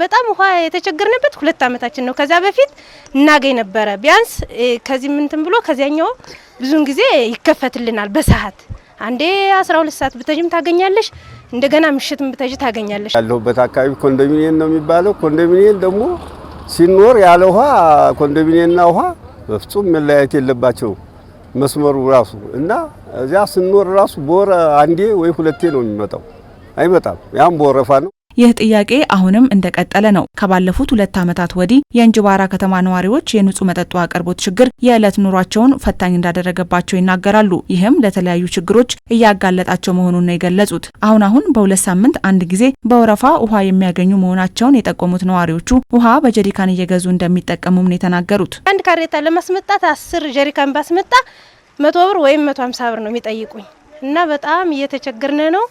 በጣም ውሃ የተቸገርንበት ሁለት ዓመታችን ነው። ከዚያ በፊት እናገኝ ነበረ ቢያንስ ከዚህ ምንትን ብሎ ከዚያኛው ብዙውን ጊዜ ይከፈትልናል በሰዓት አንዴ 12 ሰዓት ብተጅም ታገኛለሽ፣ እንደገና ምሽትም ብተጅ ታገኛለሽ። ያለሁበት አካባቢ ኮንዶሚኒየም ነው የሚባለው። ኮንዶሚኒየም ደግሞ ሲኖር ያለ ውሃ ኮንዶሚኒየምና ውሃ በፍጹም መለያየት የለባቸው መስመሩ ራሱ እና እዚያ ስኖር ራሱ በወር አንዴ ወይ ሁለቴ ነው የሚመጣው። አይመጣም፣ ያም በወረፋ ነው። ይህ ጥያቄ አሁንም እንደቀጠለ ነው። ከባለፉት ሁለት ዓመታት ወዲህ የእንጅባራ ከተማ ነዋሪዎች የንጹህ መጠጡ አቅርቦት ችግር የዕለት ኑሯቸውን ፈታኝ እንዳደረገባቸው ይናገራሉ። ይህም ለተለያዩ ችግሮች እያጋለጣቸው መሆኑን ነው የገለጹት። አሁን አሁን በሁለት ሳምንት አንድ ጊዜ በወረፋ ውሃ የሚያገኙ መሆናቸውን የጠቆሙት ነዋሪዎቹ ውሃ በጀሪካን እየገዙ እንደሚጠቀሙም ነው የተናገሩት። አንድ ካሬታ ለማስመጣት አስር ጀሪካን ባስመጣ መቶ ብር ወይም መቶ ሀምሳ ብር ነው የሚጠይቁኝ እና በጣም እየተቸገርን ነው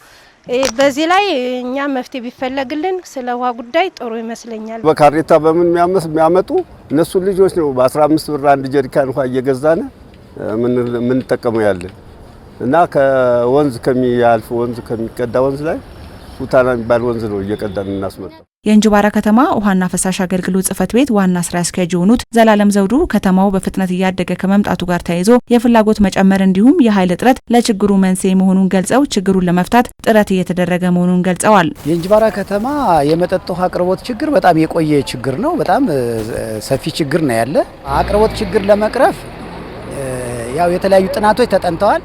በዚህ ላይ እኛ መፍትሄ ቢፈለግልን ስለ ውሃ ጉዳይ ጥሩ ይመስለኛል። በካሬታ በምን የሚያመጡ እነሱ ልጆች ነው በ15 ብር አንድ ጀሪካን ውሃ እየገዛን የምንጠቀመው ያለን እና ከወንዝ ከሚያልፍ ወንዝ ከሚቀዳ ወንዝ ላይ ሁታና የሚባል ወንዝ ነው እየቀዳን እናስመጣው። የእንጅባራ ከተማ ውሃና ፈሳሽ አገልግሎት ጽህፈት ቤት ዋና ስራ አስኪያጅ የሆኑት ዘላለም ዘውዱ ከተማው በፍጥነት እያደገ ከመምጣቱ ጋር ተያይዞ የፍላጎት መጨመር እንዲሁም የኃይል እጥረት ለችግሩ መንስኤ መሆኑን ገልጸው ችግሩን ለመፍታት ጥረት እየተደረገ መሆኑን ገልጸዋል። የእንጅባራ ከተማ የመጠጥ ውሃ አቅርቦት ችግር በጣም የቆየ ችግር ነው። በጣም ሰፊ ችግር ነው ያለ። አቅርቦት ችግር ለመቅረፍ ያው የተለያዩ ጥናቶች ተጠንተዋል።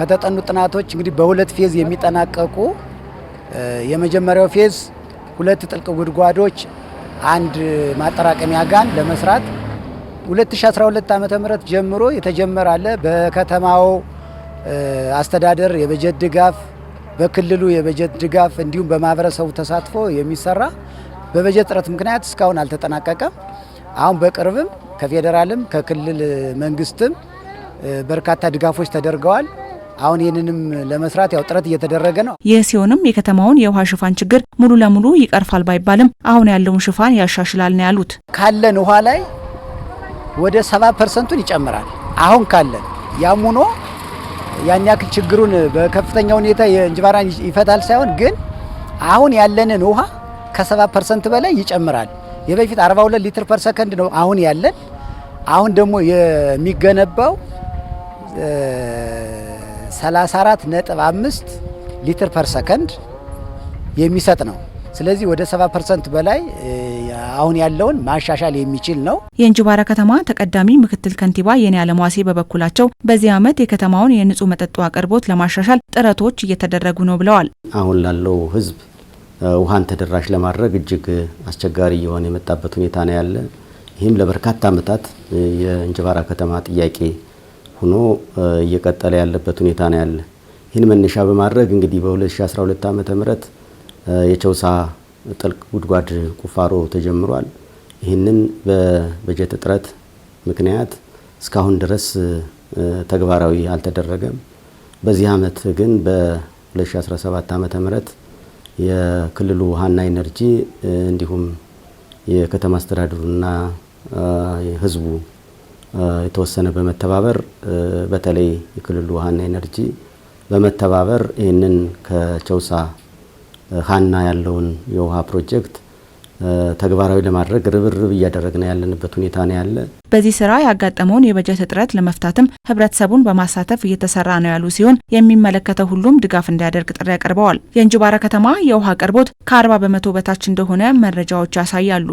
ከተጠኑ ጥናቶች እንግዲህ በሁለት ፌዝ የሚጠናቀቁ የመጀመሪያው ፌዝ ሁለት ጥልቅ ጉድጓዶች፣ አንድ ማጠራቀሚያ ጋን ለመስራት 2012 ዓ ም ጀምሮ የተጀመረ አለ። በከተማው አስተዳደር የበጀት ድጋፍ፣ በክልሉ የበጀት ድጋፍ እንዲሁም በማህበረሰቡ ተሳትፎ የሚሰራ በበጀት ጥረት ምክንያት እስካሁን አልተጠናቀቀም። አሁን በቅርብም ከፌዴራልም ከክልል መንግስትም በርካታ ድጋፎች ተደርገዋል። አሁን ይህንንም ለመስራት ያው ጥረት እየተደረገ ነው። ይህ ሲሆንም የከተማውን የውሃ ሽፋን ችግር ሙሉ ለሙሉ ይቀርፋል ባይባልም አሁን ያለውን ሽፋን ያሻሽላል ነው ያሉት። ካለን ውሃ ላይ ወደ ሰባ ፐርሰንቱን ይጨምራል አሁን ካለን። ያም ሆኖ ያን ያክል ችግሩን በከፍተኛ ሁኔታ የእንጅባራን ይፈታል ሳይሆን ግን አሁን ያለንን ውሃ ከሰባ ፐርሰንት በላይ ይጨምራል። የበፊት 42 ሊትር ፐር ሰከንድ ነው አሁን ያለን። አሁን ደግሞ የሚገነባው 34.5 ሊትር ፐር ሰከንድ የሚሰጥ ነው። ስለዚህ ወደ 70 ፐርሰንት በላይ አሁን ያለውን ማሻሻል የሚችል ነው። የእንጅባራ ከተማ ተቀዳሚ ምክትል ከንቲባ የኔ አለሟሴ በበኩላቸው በዚህ ዓመት የከተማውን የንጹህ መጠጡ አቅርቦት ለማሻሻል ጥረቶች እየተደረጉ ነው ብለዋል። አሁን ላለው ህዝብ ውሃን ተደራሽ ለማድረግ እጅግ አስቸጋሪ እየሆነ የመጣበት ሁኔታ ነው ያለ። ይህም ለበርካታ ዓመታት የእንጅባራ ከተማ ጥያቄ ሆኖ እየቀጠለ ያለበት ሁኔታ ነው ያለ። ይህን መነሻ በማድረግ እንግዲህ በ2012 ዓ ም የቸውሳ ጥልቅ ጉድጓድ ቁፋሮ ተጀምሯል። ይህንን በበጀት እጥረት ምክንያት እስካሁን ድረስ ተግባራዊ አልተደረገም። በዚህ ዓመት ግን በ2017 ዓ ም የክልሉ ውሃና ኢነርጂ እንዲሁም የከተማ አስተዳደሩና ህዝቡ የተወሰነ በመተባበር በተለይ የክልሉ ውሃና ኤነርጂ በመተባበር ይህንን ከቸውሳ ሀና ያለውን የውሃ ፕሮጀክት ተግባራዊ ለማድረግ ርብርብ እያደረግን ያለንበት ሁኔታ ነው ያለ። በዚህ ስራ ያጋጠመውን የበጀት እጥረት ለመፍታትም ህብረተሰቡን በማሳተፍ እየተሰራ ነው ያሉ ሲሆን የሚመለከተው ሁሉም ድጋፍ እንዲያደርግ ጥሪ ያቀርበዋል። የእንጅባራ ከተማ የውሃ አቅርቦት ከ40 በመቶ በታች እንደሆነ መረጃዎች ያሳያሉ።